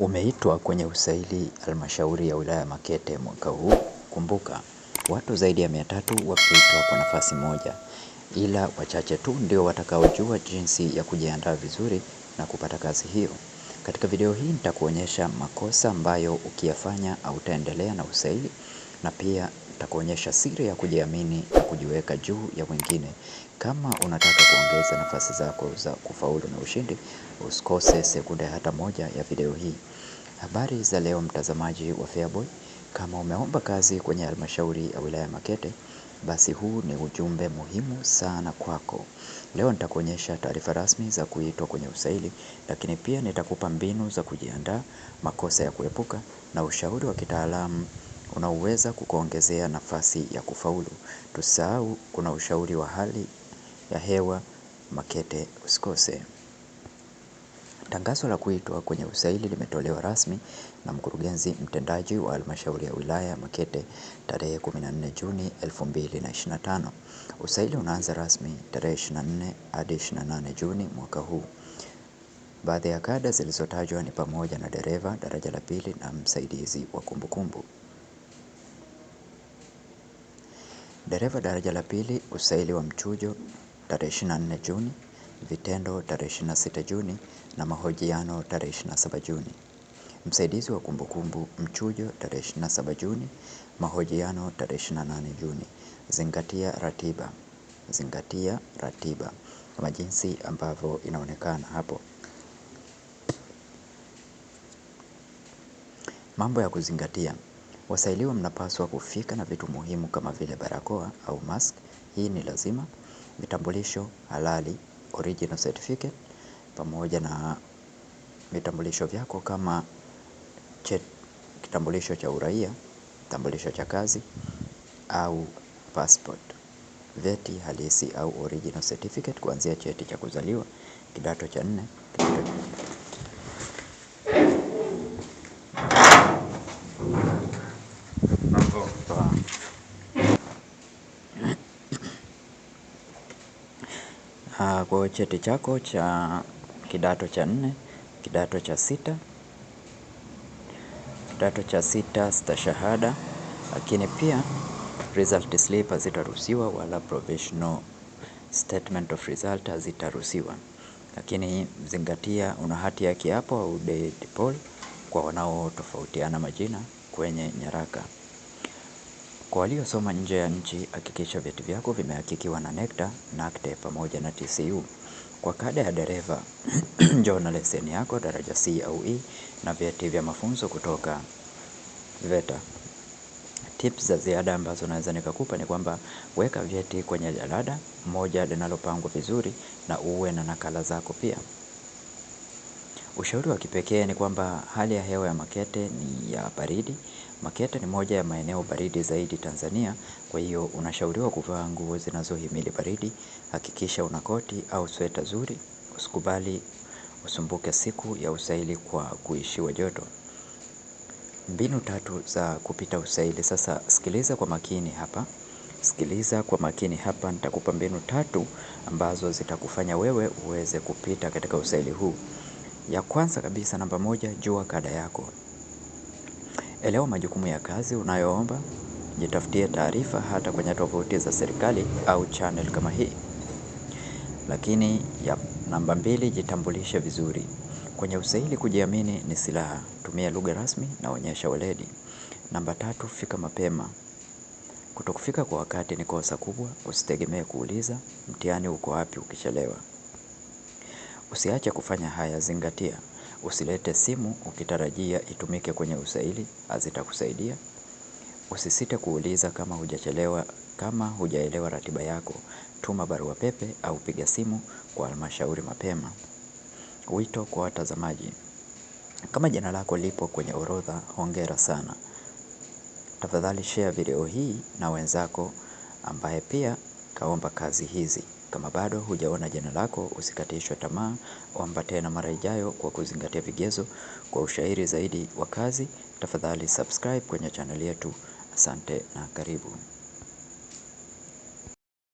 umeitwa kwenye usaili halmashauri ya wilaya Makete mwaka huu. Kumbuka watu zaidi ya mia tatu wakiitwa kwa nafasi moja, ila wachache tu ndio watakaojua jinsi ya kujiandaa vizuri na kupata kazi hiyo. Katika video hii nitakuonyesha makosa ambayo ukiyafanya hautaendelea na usaili na pia takuonyesha siri ya kujiamini na kujiweka juu ya wengine. Kama unataka kuongeza nafasi zako za kufaulu na ushindi, usikose sekunde hata moja ya video hii. Habari za leo, mtazamaji wa Feaboy. Kama umeomba kazi kwenye halmashauri ya wilaya Makete, basi huu ni ujumbe muhimu sana kwako. Leo nitakuonyesha taarifa rasmi za kuitwa kwenye usaili, lakini pia nitakupa mbinu za kujiandaa, makosa ya kuepuka na ushauri wa kitaalamu unaoweza kukuongezea nafasi ya kufaulu. Tusahau kuna ushauri wa hali ya hewa makete usikose. Tangazo la kuitwa kwenye usaili limetolewa rasmi na mkurugenzi mtendaji wa halmashauri ya wilaya ya Makete tarehe 14 Juni 2025. Usaili unaanza rasmi tarehe 24 hadi 28 Juni mwaka huu. Baadhi ya kada zilizotajwa ni pamoja na dereva daraja la pili na msaidizi wa kumbukumbu. Dereva daraja la pili, usaili wa mchujo tarehe 24 Juni, vitendo tarehe 26 Juni na mahojiano tarehe 27 Juni. Msaidizi wa kumbukumbu mchujo tarehe 27 Juni, mahojiano tarehe 28 Juni. Zingatia ratiba, zingatia ratiba kama jinsi ambavyo inaonekana hapo. Mambo ya kuzingatia. Wasailiwa mnapaswa kufika na vitu muhimu kama vile barakoa au mask, hii ni lazima, vitambulisho halali, original certificate, pamoja na vitambulisho vyako kama kitambulisho cha uraia, kitambulisho cha kazi, au passport. Vyeti halisi au original certificate kuanzia cheti cha kuzaliwa, kidato cha nne, kidato cha. Ah, kwa cheti chako cha kidato cha nne, kidato cha sita, kidato cha sita stashahada, lakini pia result slip hazitaruhusiwa wala provisional statement of result hazitaruhusiwa. Lakini zingatia una hati ya kiapo au date poll kwa wanaotofautiana majina kwenye nyaraka. Kwa waliosoma nje ya nchi, hakikisha vyeti vyako vimehakikiwa na NECTA, NACTE pamoja na TCU. Kwa kada ya dereva, njoo na leseni yako daraja C au E na vyeti vya mafunzo kutoka VETA. Tips za ziada ambazo naweza nikakupa ni kwamba weka vyeti kwenye jalada moja linalopangwa vizuri na uwe na nakala zako pia. Ushauri wa kipekee ni kwamba hali ya hewa ya Makete ni ya baridi. Makete ni moja ya maeneo baridi zaidi Tanzania kwa hiyo unashauriwa kuvaa nguo zinazohimili baridi. Hakikisha una koti au sweta zuri. Usikubali usumbuke siku ya usaili kwa kuishiwa joto. Mbinu tatu za kupita usaili sasa sikiliza kwa makini hapa. Sikiliza kwa makini hapa nitakupa mbinu tatu ambazo zitakufanya wewe uweze kupita katika usaili huu. Ya kwanza kabisa namba moja, jua kada yako. Elewa majukumu ya kazi unayoomba, jitafutie taarifa hata kwenye tovuti za serikali au channel kama hii. Lakini ya namba mbili, jitambulishe vizuri. Kwenye usaili kujiamini ni silaha, tumia lugha rasmi na onyesha weledi. Namba tatu, fika mapema. Kutokufika kwa wakati ni kosa kubwa, usitegemee kuuliza, mtihani uko wapi ukichelewa. Usiache kufanya haya zingatia. Usilete simu ukitarajia itumike kwenye usaili hazitakusaidia. Usisite kuuliza kama hujachelewa kama hujaelewa ratiba yako. Tuma barua pepe au piga simu kwa halmashauri mapema. Wito kwa watazamaji. Kama jina lako lipo kwenye orodha, hongera sana. Tafadhali share video hii na wenzako ambaye pia kaomba kazi hizi. Kama bado hujaona jina lako, usikatishwe tamaa, uambatane na mara ijayo kwa kuzingatia vigezo. Kwa ushairi zaidi wa kazi, tafadhali subscribe kwenye channel yetu. Asante na karibu.